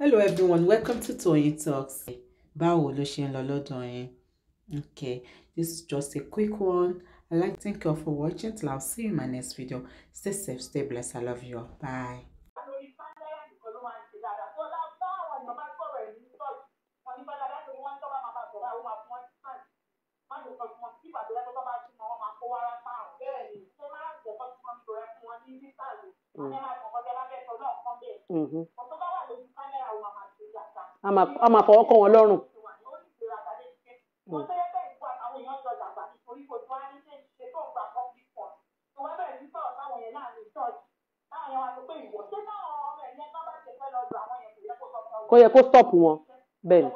hello everyone welcome to Toyeen Talks báwo ló ṣe ń lọ lọ́dọ̀ yín okay this is just a quick one i like to thank you all for watching till i see you in my next video stay safe stay blessed i love you all bye. Mm-hmm máa fọwọ́ kọ́ wọn lọ́rùn. kó yẹ kó stop wọn bẹ́ẹ̀ ni.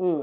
Mm.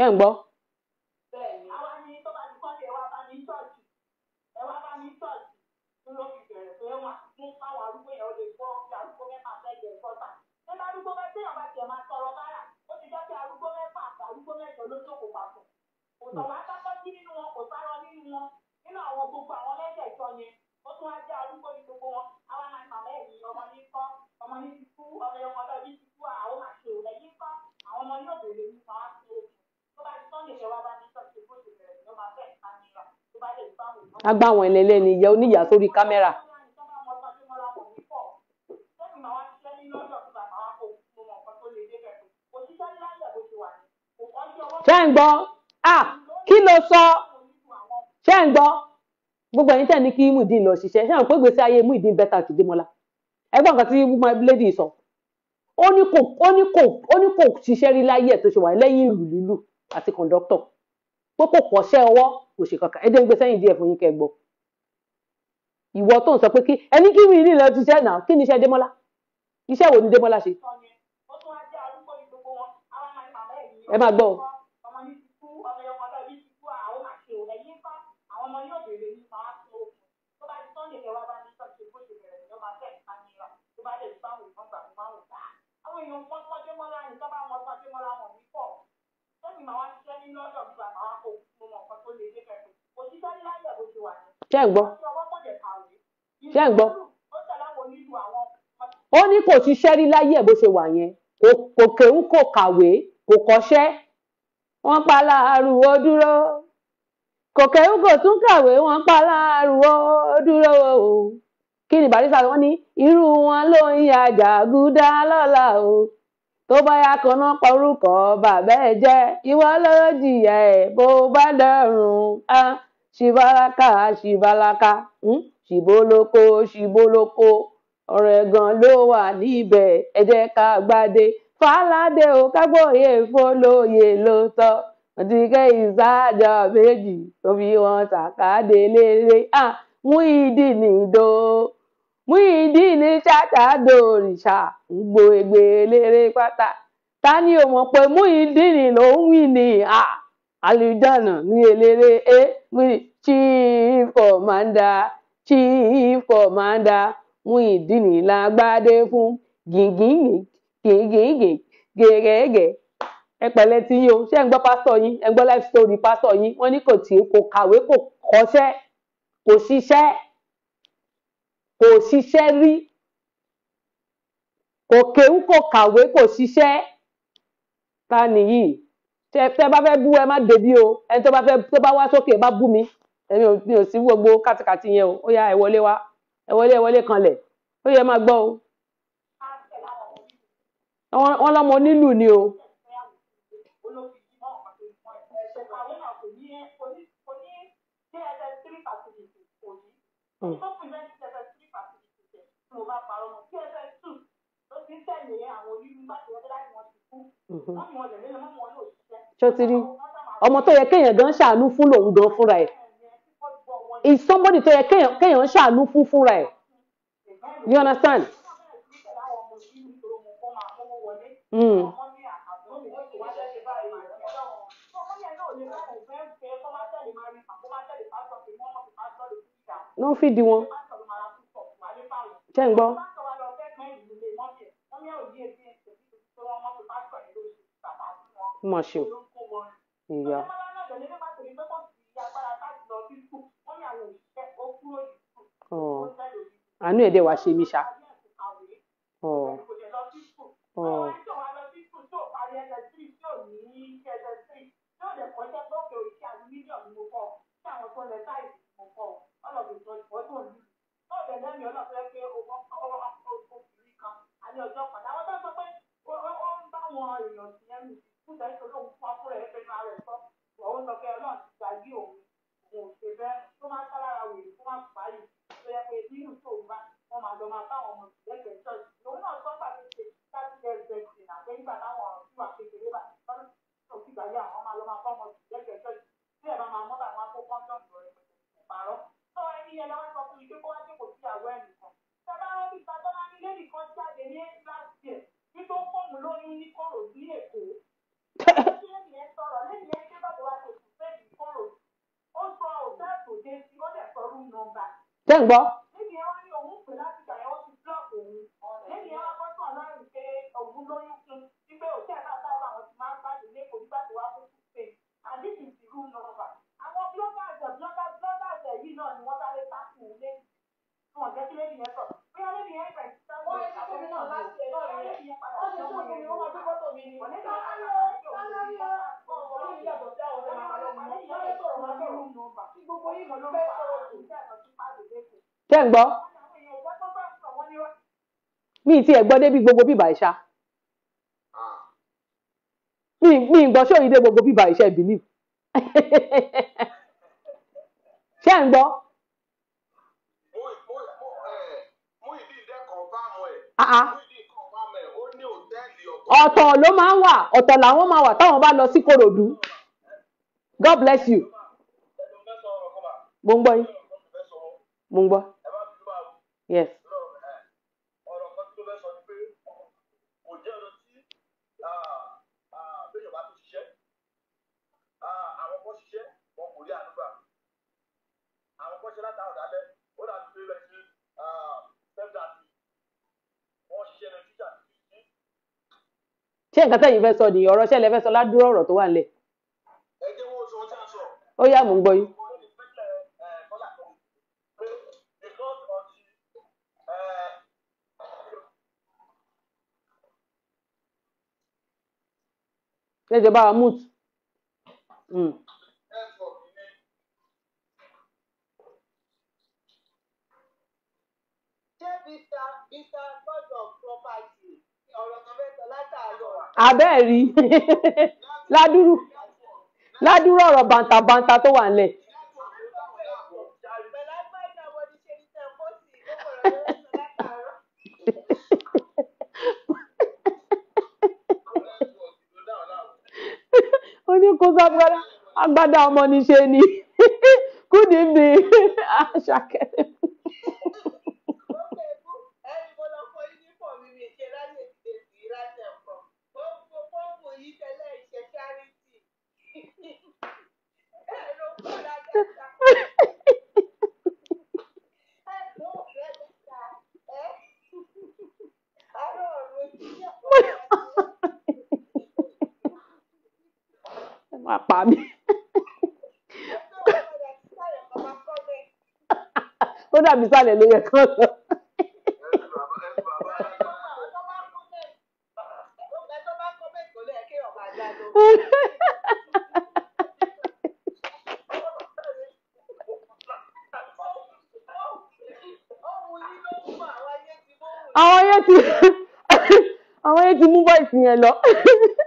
ìgbà gbọ́ á gbá àwọn ẹlẹ́lẹ́ni yẹ oníyà sórí kámẹ́rà. ṣé ń gbọ́ ah kí ló sọ ṣé ń gbọ́ gbogbo ẹ̀yin tẹ̀ ní kí Muyideen lọ ṣiṣẹ́ ṣé àwọn pé gbèsè ayé Muyideen bẹ́tà ti dé mọ́lá ẹgbọ́n kan tí lady sọ ó ní kò ó ní kò ó ní kò ṣiṣẹ́ rí láyé ẹ̀ tó ṣe wà lẹ́yìn ìlú lílù àti kọ̀ǹdọ́tọ̀ pé kò kọ́ṣẹ́ ọwọ́ kò ṣe kankan ẹ jẹ́ ń gbé sẹ́yìn díẹ̀ fún yín kẹ́ gbọ́ ìwọ tó ń sọ pé kí ẹni kí mi ní ìlọ ti ṣẹ́ náà kí ni iṣẹ́ Démọ́lá iṣẹ́ wo ni Démọ́lá ṣe ẹ máa gbọ́ ṣé ń gbọ́ ṣé ń gbọ́ ó ní kò ṣiṣẹ́ rí láyé ẹ̀ bó ṣe wà yẹn kò kéwú kò kàwé kò kọ́ṣẹ́ wọ́n pa láàrúwọ́ dúró kò kéwú kò tún kàwé wọ́n pa láàrúwọ́ dúró o kí ni barisa wọ́n ní irú wọn ló ń ya jàgùdà lọ́la o tó bá yá kan pa orúkọ bàbá ẹ̀ jẹ́ ìwọ ló jìyà ẹ̀ bó bá dẹrùn án ṣìbáraká ṣìbáraká um hmm? ṣìbólókó ṣìbólókó ọ̀rọ̀ ẹ̀gàn ló wà níbẹ̀ ẹ jẹ́ ká gbádé fàlàdé ò kágbóyè fọlọ́yè ló tọ́ ọ̀dìgẹ́ ìsájà méjì tó fi wọn ṣàkàdé lélé à Muyideen ìdó Muyideen ṣàtà dòrìṣà gbogbo ègbè eléré pátá ta ni ò mọ̀ pé Muyideen ló ń wí ni à. àlùjànnà ní eléré é wíì chief commander chief commander Muyideen lágbádé fún gìngìngì gìngìngì gèrègè ẹ pẹ̀lẹ́ tí yín o ṣé ẹ ń yín ẹ ń life story pásítọ̀ yín wọn ní kò tí kò kàwé kò kò ṣiṣẹ kò ṣiṣẹ rí kò kéwú kò kàwé kò ṣiṣẹ ta nìyí tẹ tẹ bá fẹ́ bú ẹ má débi o ẹni tó bá fẹ́ tó bá wá sókè bá bú mi èmi ò mi ò sí gbogbo kátikàti yẹn o ó yá ẹ wọlé wá ẹ wọlé ẹ wọlé kanlẹ̀ ó yẹ máa gbọ́ o wọ́n lọ́mọ onílù ni o. Mm-hmm ṣọtiri ọmọ tó yẹ kéèyàn gan ṣàánú fún lòun gan fúnra ẹ̀ is somebody tó yẹ kéèyàn ṣàánú fún fúnra ẹ̀ you understand. Mm. ló ń fìdí wọn ṣe ń gbọ́. mà ṣe o èèyàn. àánú ẹ̀ dẹ̀ wá ṣe mí ṣá. Tiangó, mi ti ẹ̀ gbọ́ débi gbogbo bíbà ìṣá mi gbọ́ ṣé òyìnbó gbogbo bíbà ìṣá ẹ̀ bìlíf ṣé ń gbọ́. ọ̀tọ̀ ló máa ń wà ọ̀tọ̀ làwọn máa wà táwọn bá lọ sí Kòròdú God bless you mo ń gbọ́ yín mo ń gbọ́ yes. nǹkan tẹ̀yìn fẹ́ sọ nìyí ọ̀rọ̀ ṣẹlẹ̀ fẹ́ sọ ládùúrọ̀ ọ̀rọ̀ tó wà nílẹ̀. ó yá mò ń gbọ́ yín. ṣé ìjọba wa abẹ́ẹ̀ rí ládùúrú ládùúrú ọ̀rọ̀ bàǹtàbàǹtà tó wà nílẹ̀. oníkóso agbádá ọmọ níṣe ni good evening Àṣàkẹ́. pa mí. ó dàbí sálẹ̀ ló yẹ kán lọ. àwọn yẹn ti àwọn yẹn ti mú bọ́ìsì yẹn lọ.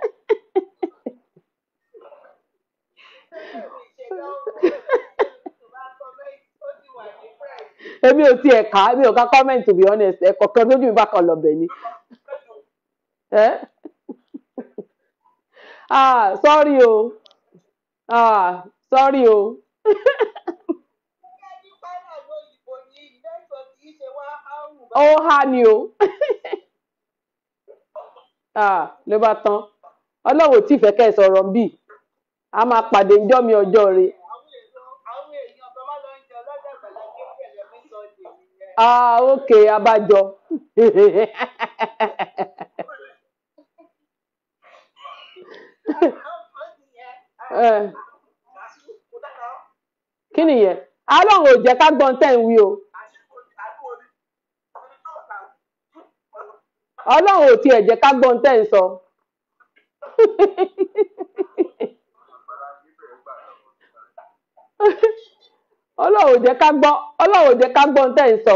mi ò tiẹ̀ kà mi ò ka comment to be honest ẹ̀kọ́ kan tójú mi bá kan lọ bẹ̀ ni. ah sorry o ah sorry o. ó há ni o ah ló bá tán ọlọ́wọ́ tí ìfẹ́ kẹ́ ẹ̀ sọ̀rọ̀ bíi a máa pàdé ńjọ́ mi ọjọ́ rẹ ah ok Abajo. kí nìyẹn ọlọ́run ò jẹ́ ka gbọ́n tẹ̀ o Ha ọlọ́run jẹ́ ká gbọ́ ọlọ́run jẹ́ ká gbọ́ ohun tẹ́ ń sọ.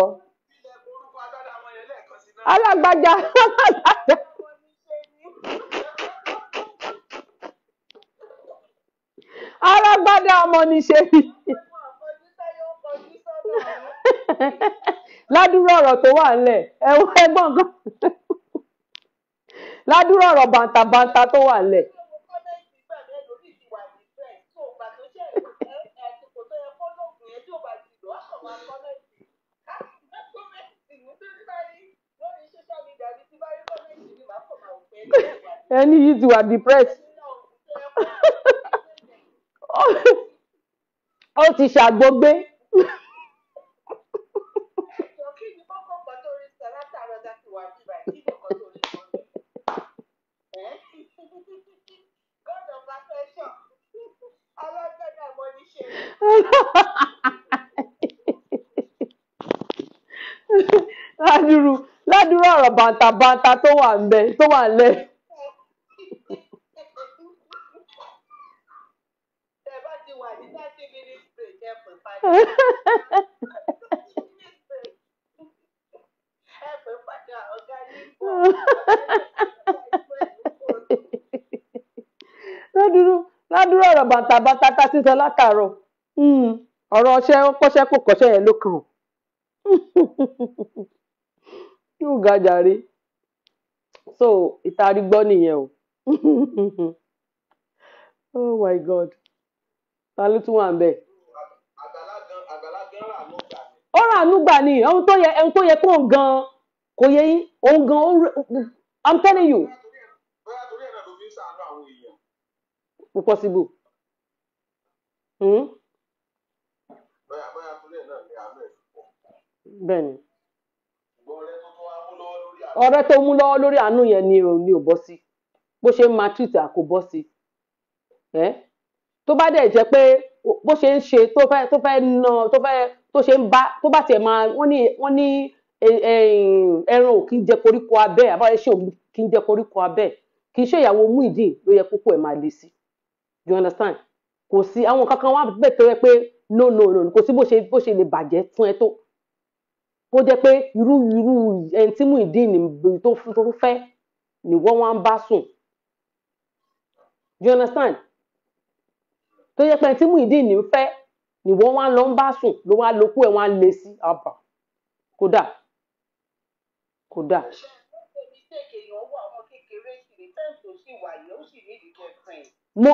alágbájá alágbádá ọmọ ni ṣe ni. ládùúrọ̀ ọ̀rọ̀ tó wà ńlẹ̀ ẹ̀wọ̀n ẹgbọ̀n gan. ládùúrọ̀ ọ̀rọ̀ bàǹtàbàǹtà tó wà ńlẹ̀. ẹni yìí you are depressed ó ti ṣàgbógbé. ládùúrú ládùúrú ọ̀rọ̀ bàǹtàbàǹtà tó wà ń bẹ tó wà ń lẹ̀. bàtàbàtàtà ti sọ látàárọ̀ hmm. ọ̀rọ̀ ọṣẹ kọ́ṣẹ́ kò kọ́ṣẹ́ yẹn ló kàn yóò ga jàre so ìtarí gbọ́ nìyẹn o oh my god ta ló tún wà ń bẹ̀. ó rà ànúgbà ni ohun tó yẹ ohun tó yẹ kó gan kò yẹ yín òun gan i'm telling you. possible. Hmm? Bóyá ni ọ̀rẹ́ tó tún mú lọ́wọ́ lórí àánú. yẹn ni ò ní ò bọ́ sí. Bó ṣe ń ma treat àkó bọ́ sí. Ẹ́ tó bá dẹ̀ jẹ́ pé bó ṣe ń ṣe tó fẹ́ tó fẹ́ nà tó fẹ́ tó ṣe ń bá tó bá tiẹ̀ máa wọ́n ní wọ́n ní ẹran ò kí ń jẹ koríko abẹ́ àbáwọ̀ ẹṣin ò kí ń jẹ koríko abẹ́ kì í ṣe ìyàwó Muyideen ló yẹ kókó ẹ̀ máa le sí. You understand? kò sí àwọn kankan wà bẹ́ẹ̀ tó yẹ pé no no no kò sí bó ṣe bó ṣe lè bàjẹ́ fún ẹ tó kó jẹ́ pé irú irú ẹni tí Muyideen tó tó fẹ́ ni wọ́n wá ń bá sùn you understand tó yẹ pé ẹni tí Muyideen fẹ́ ni wọ́n wá lọ ń bá sùn ló wá lókù ẹ̀ wọ́n á lé sí àbá kódà kódà. mo.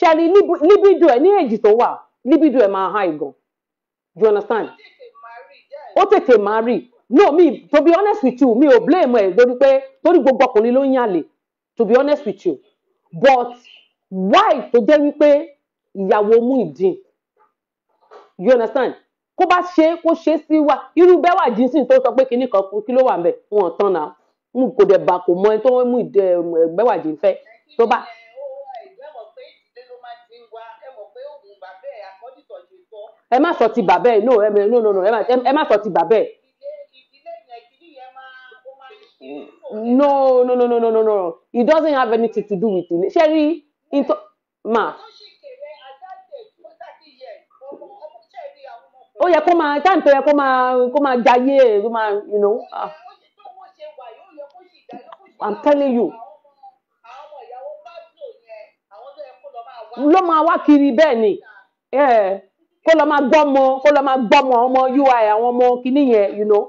ṣẹ́ni libido ẹ̀ ní èjì tó wà libido ẹ̀ máa high gan you understand ó tètè máa rí no me to be honest with you mi ò blame ẹ lórí pé torí gbogbo ọkùnrin ló ń yàn to be honest with you but why tó jẹ́ wípé ìyàwó Muyideen you understand kó bá ṣe kó ṣe sí wa irú bẹ́wà jínsìn tó sọ pé kinní kan kí ló wà ń bẹ̀ wọn tán náà n kò dẹ̀ bà kò mọ ẹni tó mú ìdẹ bẹ́wà jín fẹ́ tó bá ẹ má sọ ti bàbá no ẹ no no no ẹ má sọ ti bàbá no no no no no no no it doesn't have anything to do with it ṣé rí into ma. ó yẹ kó máa táǹtì yẹ kó máa kó máa jayé ẹ kó máa you know. Ah. I'm telling you. ló máa wá kiri bẹ́ẹ̀ ni. Yeah kó lọ máa gbọ́mọ kó lọ máa gbọ́mọ ọmọ ui àwọn ọmọ kìíní yẹn you know.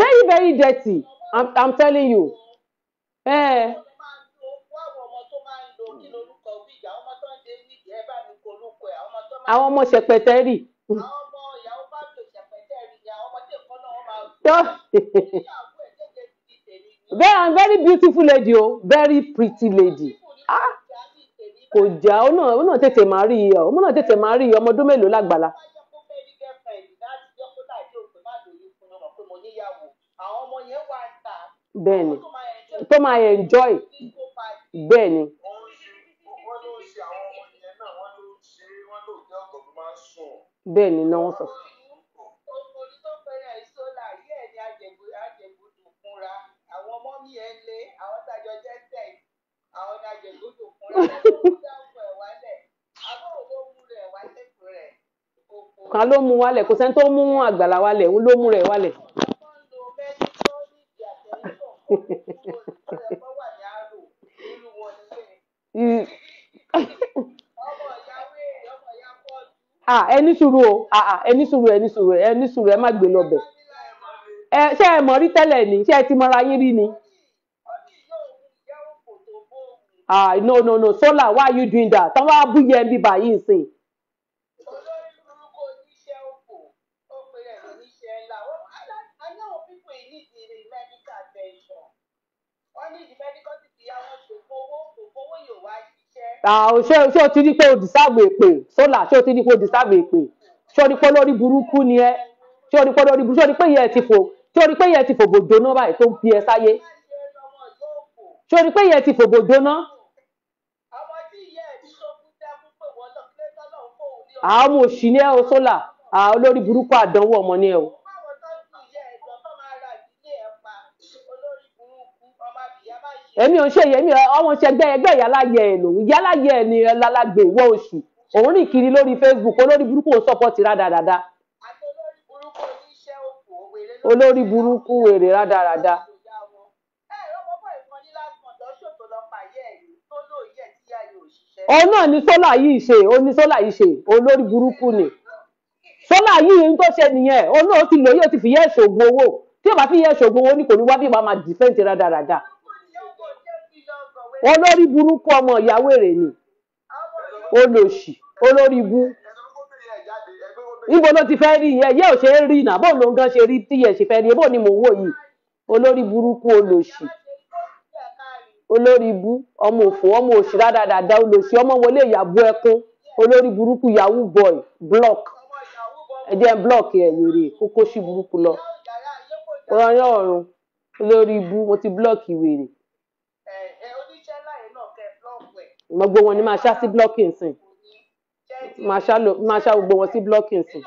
very very dirty i'm i'm telling you. Eh. àwọn ọmọ ṣẹpẹtẹrì. very very beautiful lady o oh. very pretty lady. Ah! kò já ó náà ó náà tètè máa rí ọ ó náà tètè máa rí ọmọ ọdún mélòó lágbàlá. bẹ́ẹ̀ni tó máa enjoy bẹ́ẹ̀ni. bẹ́ẹ̀ni náà wọ́n sọ. kan ló mú wálẹ̀ kò sẹ́ni tó mú àgbàlá wálẹ̀ òun ló mú rẹ̀ wálẹ̀. Ah, ẹni sùúrù o ah, ah, ẹni sùúrù ẹni sùúrù ẹni sùúrù ẹ má gbé lọ bẹ̀ ṣé ẹ mọ̀ rí tẹ́lẹ̀ ni ṣé ẹ ti mọra yín rí ni ah no no no solar why are you doing that tán wá bú yẹn bíbá yìí sìn. àwọn ah, ṣé ṣé o ti rí pé o dìsáàbò èpè sólà ṣé o ti rí pé o dìsáàbò èpè ṣé o rí pé lórí burúkú ni ẹ ṣé o rí pé lórí burúkú ṣé o rí pé yẹ ti fò ṣé o rí pé yẹ ti fòbò jóná báyìí tó ń fi ẹ sáyé ṣé o rí pé yẹ ti fòbò jóná. àwọn òṣì ní ẹ o sólà olórí burúkú àdánwò ọmọ ní ẹ o. èmi ò ń ṣe èmi ọmọ ṣẹgbẹ ẹgbẹ ìyálàyẹ ẹ lòun ìyálàyẹ ẹ ni ẹlálàgbè wọ oṣù òun rìn kiri lórí Facebook olórí burúkú ò sọpọtì rádaràda olórí burúkú wèrè rádaràda. òun náà ni sólà yìí ṣe òun ni sólà yìí ṣe olórí burúkú ni sólà yìí ń tó ṣe nìyẹn òun náà ti lóye ó ti fi yẹ ṣògùn owó tí yóò bá fi yẹ ṣògùn owó ni kò ní wá bí màmá dìfẹ́ǹtì rádaràda olórí burúkú ọmọ ìyàwó èrè ni olóṣì olórí ibú níbo ló ti fẹ́ rí yẹ yóò ò ṣe é rí nà bóun ló ń gan ṣe rí tíyẹ ṣe fẹ́ rí ebó ni mò ń wò yìí olórí burúkú olóṣì. olórí ibú ọmọ òfò ọmọ òṣì rádaràda olòṣì ọmọ wọlé ìyàbọ ẹkún olórí burúkú yahoo boy block ẹjẹ block ẹ wèrè kókó sí burúkú lọ ọyọ ọrùn olórí ibú mo ti block wèrè. mo gbogbo wọn ni máa ṣá sí blocking sìn máa ṣá gbogbo wọn sí blocking sìn.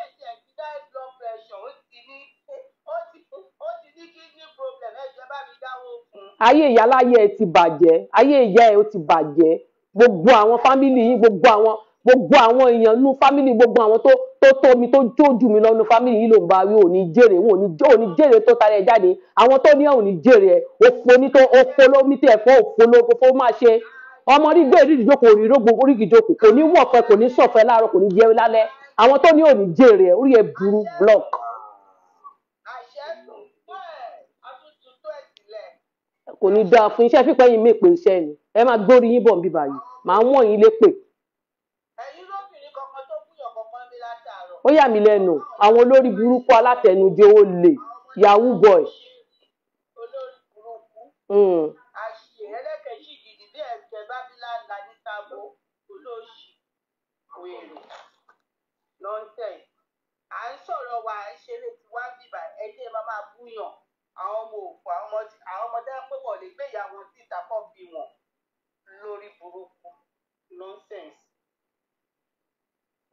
ayé ìyá láyé ẹ ti bàjẹ́ ayé ìyá ẹ ó ti bàjẹ́ gbogbo àwọn fámìlì yìí gbogbo àwọn gbogbo àwọn èèyàn nínú fámìlì gbogbo àwọn tó tó tó mi tó jó jù mí lọ́nu fámìlì yìí ló ń bá rí òní jèrè wọn òní jẹ́ òní jèrè tó tara ẹ̀ jáde àwọn tó ní òní jèrè ẹ̀ òfo ní tó òfo lómi tẹ̀ fọ́ òfo lóko fó máa ṣe ọmọ rí gbé ìrírí ìjókòó òrí rógbò oríkì ìjókòó kò ní wọ̀fẹ́ kò ní sọ̀fẹ́ láàárọ̀ kò ní jẹ́ lálẹ́ àwọn tó ní òní jèrè orí ẹ̀ burú block kò ní dáa fún iṣẹ́ fífẹ́ yìí mèpè iṣẹ́ ni ẹ máa gbórí yín bọ̀ níbí báyìí màá wọ̀n yín lépè. ẹ̀yin lóbìnrin kankan tó kúyàn ó yà mí lẹ́nu àwọn olórí burúkú alátẹnujẹ ó lè yahoo boy. olórí burúkú. Hmm. à ń sọ̀rọ̀ wa ṣeré tiwa bíbà ẹ̀jẹ̀ máa máa búyàn àwọn ọmọ òkú àwọn ọmọ àwọn lè gbé ìyá wọn síta bí wọn lórí burúkú nonsense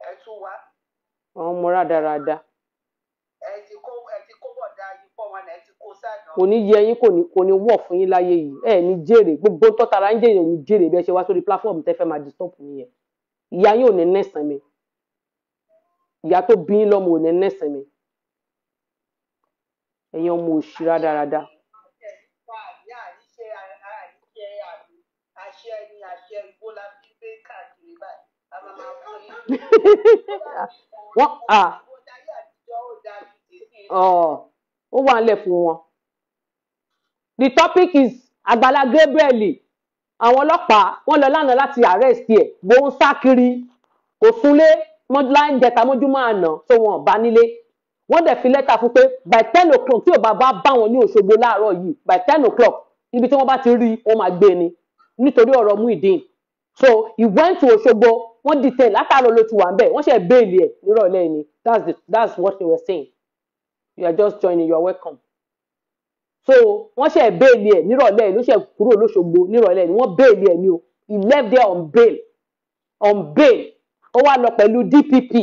ẹ tún wá. àwọn ọmọ rádaràda. ẹ ti kó ẹ ti kó bọ̀dá yìí pọ̀ wọn ẹ ti kó sáànà. kò ní yẹ yín kò ní kò ní wọ̀ fún yín láyé yìí ẹ ní jèrè gbogbo tọ́tara ń jèrè ní jèrè bí ẹ ṣe wá sórí platform tẹ́ fẹ́ máa disturb nìyẹn ìyá yín ní nẹ́sàn mi ìyá tó bí lọ́mọ ò ní nẹ́sàn mi ẹ̀yin ọmọ òṣìra dáradá. wọ́n à ó wà nílẹ̀ fún wọn. the topic is Agbala Gabriel àwọn ọlọ́pàá wọ́n lọ lánàá láti arrest ẹ̀ bó ń sá kiri kò súnlé mọ́júlá ń jẹta mọ́júmọ́ àná tó wọn bá nílé wọ́n dẹ̀ fi lẹ́tà fún pé by ten o'clock tí òbá bá bá wọn ní Òṣogbo láàárọ̀ yìí by ten o'clock ibi tí wọ́n bá ti rí wọ́n máa gbé e ni nítorí ọ̀rọ̀ Muyideen so he went to Òṣogbo wọ́n detain látàárọ̀ ló ti wà ńbẹ̀ wọ́n ṣe béèlì ẹ̀ nírọ̀lẹ́ ni that's the that's what they were saying you are just joining you are welcome so wọ́n ṣe béèlì ẹ̀ nírọ̀lẹ́ ló ṣe kúrò lóṣogbo nírọ̀lẹ́ ni wọ́n béèlì ẹ̀ ni o he left there on bail on bail ó wá lọ pẹ̀lú DPP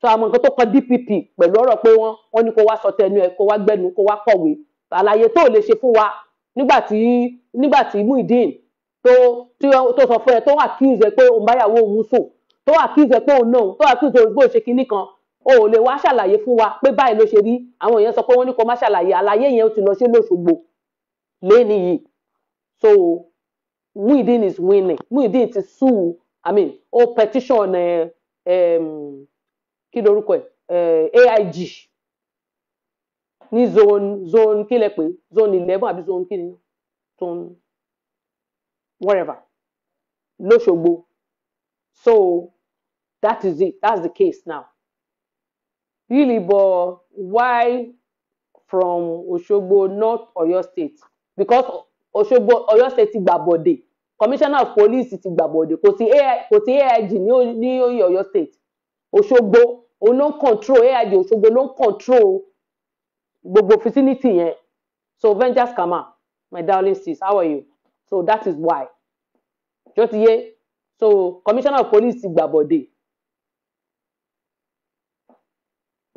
so àwọn nǹkan tó kan DPP pẹ̀lú ọ̀rọ̀ pé wọ́n wọ́n ní kó wá sọ tẹnu ẹ̀ kó wá gbẹnu kó wá kọ̀wé àlàyé tó lè ṣe fún wa nígbà tí nígbà tí Muideen tó tó sọ fún ẹ tó accuse ẹ pé òun báyàwó òun sùn tó accuse ẹ pé òun náà tó accuse òun pé òun ṣe kinní kan o ò lè wá ṣàlàyé fún wa pé báyìí ló ṣe rí àwọn èèyàn sọ pé wọ́n ní kó má ṣàlàyé àlàyé yẹn ó ti lọ sí lóṣogbo lẹ́ni yìí so Muideen is winning Muideen ti sue i mean ó petition ẹ eh, um, kí lorúkọ ẹ̀ eh, AIG ní zone zone kí lẹ pé zone eleven àbí zone kí ni zone whatever lọ́ṣogbo so that is it that's the case now really but why from Òṣogbo north Ọ̀yọ́ state because Òṣogbo Ọ̀yọ́ state ti gbàbọdè commissioner of police ti gbàbọdè kò sí AIG ní Ọ̀yọ́ state Òṣogbo òun ló ń control AIG Òṣogbo ló ń control gbogbo facility yẹn so venture scammer my darling sis how are you so that is why ṣó ti so commissioner of police ti gbàbọ̀dè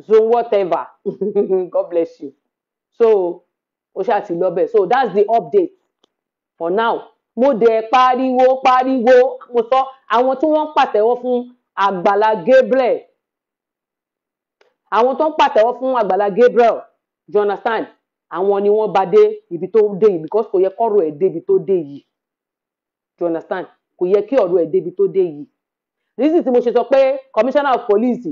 so whatever god bless you so ó ṣáà ti lọ so that's the update for now mo dẹ̀ pariwo pariwo mo sọ àwọn tí wọ́n pàtẹ́wọ́ fún àgbàlá Gabriel àwọn tó ń pàtẹ́wọ́ fún àgbàlá Gabriel do you understand àwọn ni wọ́n bá dé ibi tó dé yìí because kò yẹ kọ́rọ̀ ẹ̀ débi tó dé yìí do you understand kò yẹ kí ọ̀rọ̀ ẹ̀ débi tó dé yìí reason tí mo ṣe sọ pé commissioner of police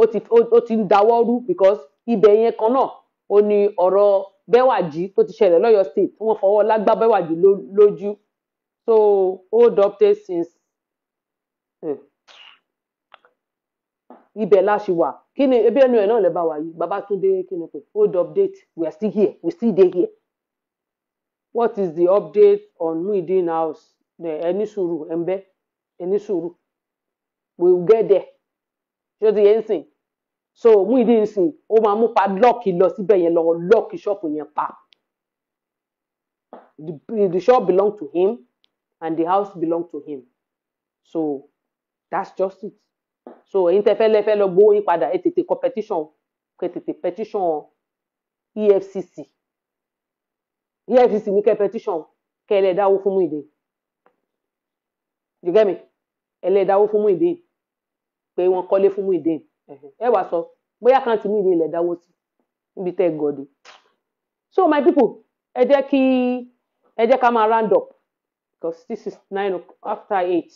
ó ti ó ti ń dáwọ́ rú because ibẹ̀ yẹn kan náà ó ní ọ̀rọ̀ Bẹ́wàjí tó ti ṣẹlẹ̀ lọ́yọ̀ state wọ́n fọwọ́ lágbá Bẹ́wàjí lójú so hold up till since. Hmm ibẹ̀ la ṣì wà kí ni ebi ẹnu ẹ̀ náà lè bá wa yìí Babátúndé kí ni pé hold update we are still here we still dey here what is the update on Muyideen house ẹni sùúrù ẹnbẹ ẹni sùúrù we will get there ṣé o ti yẹn ń sìn so Muyideen sìn ó máa mú padlock lọ síbẹ̀ yẹn lọ lock shop yẹn pa the, the shop belong to him and the house belong to him so that's just it so ẹ̀yin tẹ́ fẹ́ lẹ́ fẹ́ lọ gbowó yín padà ẹ tètè kọ petition ẹ tètè petition EFCC EFCC ní kẹ́ petition kẹ́ ẹ lẹ́ dáwó fún Muyideen you get me ẹ lẹ́ dáwó fún Muyideen pé wọ́n kọ́lé fún Muyideen ẹ wàá sọ bóyá kan ti Muyideen lẹ́ dáwó sí níbi tẹ́ ẹ so my people ẹ jẹ́ kí ẹ jẹ́ ká máa round up because this is nine after eight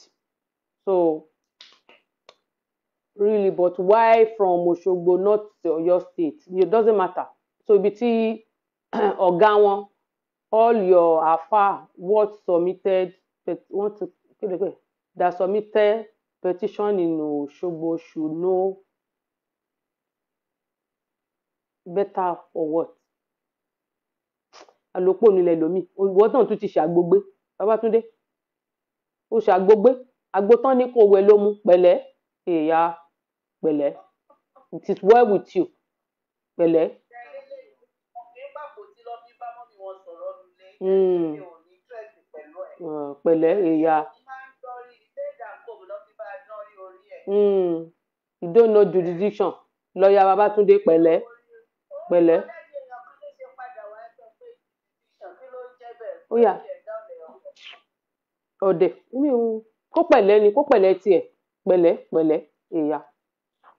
so really but why from Òṣogbo not Ọ̀yọ́ state it doesn't matter so ibi tí ọ̀gá wọn all your afa what submitted wọ́n ti kéde pé that submitted petition in Òṣogbo should know better for what àlòpọ̀ nílẹ̀ lómi ìwọ náà tún ti ṣàgbógbé Babátúndé ó ṣàgbógbé àgbótán ní kò wẹ ló mú pẹ̀lẹ́ èèyà. E pẹ̀lẹ́ it is well with you pẹ̀lẹ́. Hmm. Hmm, pẹ̀lẹ́ ìyá. Hmm. you don't know jurisdiction lọ́ọ̀yà Babátúndé pẹ̀lẹ́ pẹ̀lẹ́. ó yá ọ̀dẹ̀ kó pẹ̀lẹ́ ni kó pẹ̀lẹ́ tiẹ̀ pẹ̀lẹ́ pẹ̀lẹ́ ìyá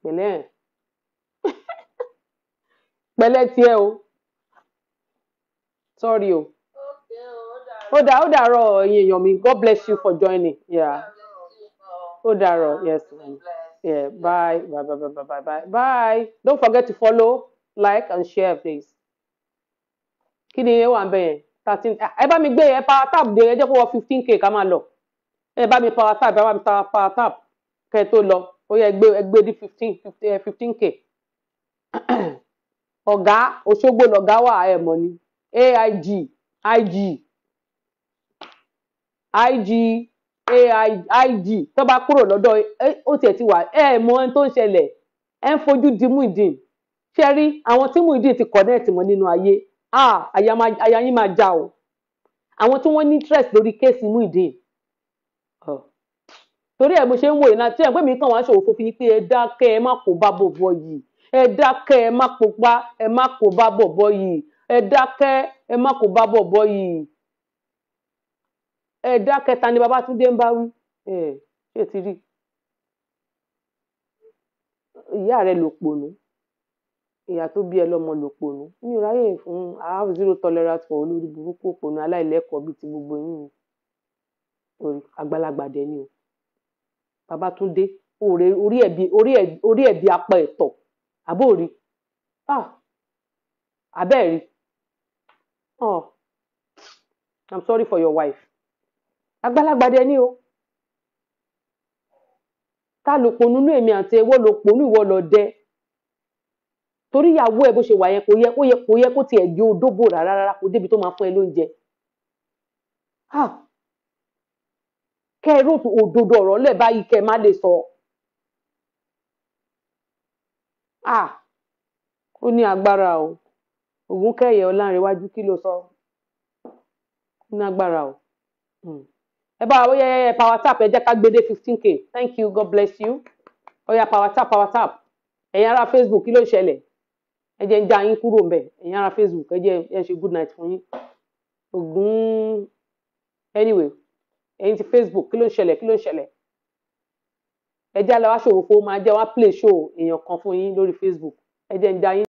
pẹ̀lẹ́ ẹ̀ pẹ̀lẹ́ tiẹ̀ o sorry o ó dà ó dàárọ̀ ẹ̀yin èèyàn mi God bless you for joining yeah ó dàárọ̀ yes yeah bye bye bye bye bye bye bye don't forget to follow like and share please kí ni ẹ wà ń bẹ yẹn thirteen ah, ẹ bá mi gbé ẹ power tap dé ẹ jẹ́ kó wọ fifteen k ká máa lọ ẹ bá mi power tap ẹ bá mi power tap kẹ́ ẹ tó lọ ó yẹ ẹgbẹ́ ẹgbẹ́ di fifteen eh, fifteen k ọ̀gá Òṣogbo lọ̀gá wà ẹ̀ mọ̀ ni AIG IG IG AIG tó bá kúrò lọ́dọ̀ ó tiẹ̀ ti wà ẹ̀ mọ̀ ẹni tó ń ṣẹlẹ̀ ẹ̀ ń fojú di Muideen ṣe àwọn tí Muideen ti connect mọ́ nínú ayé ah àyà yín máa já o àwọn tí wọ́n ní interest lórí kéèsì Muideen. Oh. torí ẹ̀ mo ṣe ń wòye tí ẹgbẹ́ mi kàn wá pé ẹ dákẹ́ ẹ má kó bá bọ̀bọ̀ yìí ẹ dákẹ́ ẹ má kó ẹ má kó bá bọ̀bọ̀ yìí ẹ dákẹ́ ẹ má kó bá bọ̀bọ̀ yìí ẹ dákẹ́ ta ni ń bá wí ẹ ṣé ti rí ìyá rẹ lò ìyá tó bí ẹ lò I zero Babátúndé òòrè orí ẹ̀bi orí ẹ̀ orí ẹ̀bi apá ẹ̀tọ̀ àbóòrí ah abẹ́ẹ̀rí oh I'm sorry for your wife àgbàlagbà dẹ ni o ta ló ponú nínú èmi àti ewó ló ponú ìwọ lọ dẹ torí ìyàwó ẹ bó ṣe wà yẹn kò yẹ kó yẹ kó yẹ kó tiẹ̀ di odóbò rárá rárá kó débi tó máa fún ẹ lóúnjẹ ah kẹ́ ẹ róòtù òdodo ọ̀rọ̀ lẹ̀ báyìí kẹ́ má lè sọ. ó ní agbára o Ògúnkẹ́yẹ Ọlánrewájú kí ló sọ ó ní agbára o hmm. ẹ bá ọ yẹ power tap ẹ jẹ́ ká fifteen k thank you god bless you power tap power tap ẹ̀yin facebook kí ló ń ṣẹlẹ̀ ẹ jẹ́ ń já yín facebook ẹ ẹ̀yin ti facebook kí ló ń ṣẹlẹ̀ kí ló ń ṣẹlẹ̀ ẹ jẹ́ àlọ́ wá ṣòwò pé ó máa jẹ́ wá play show èèyàn kan fún yín lórí facebook ẹ jẹ́ ń dá yín.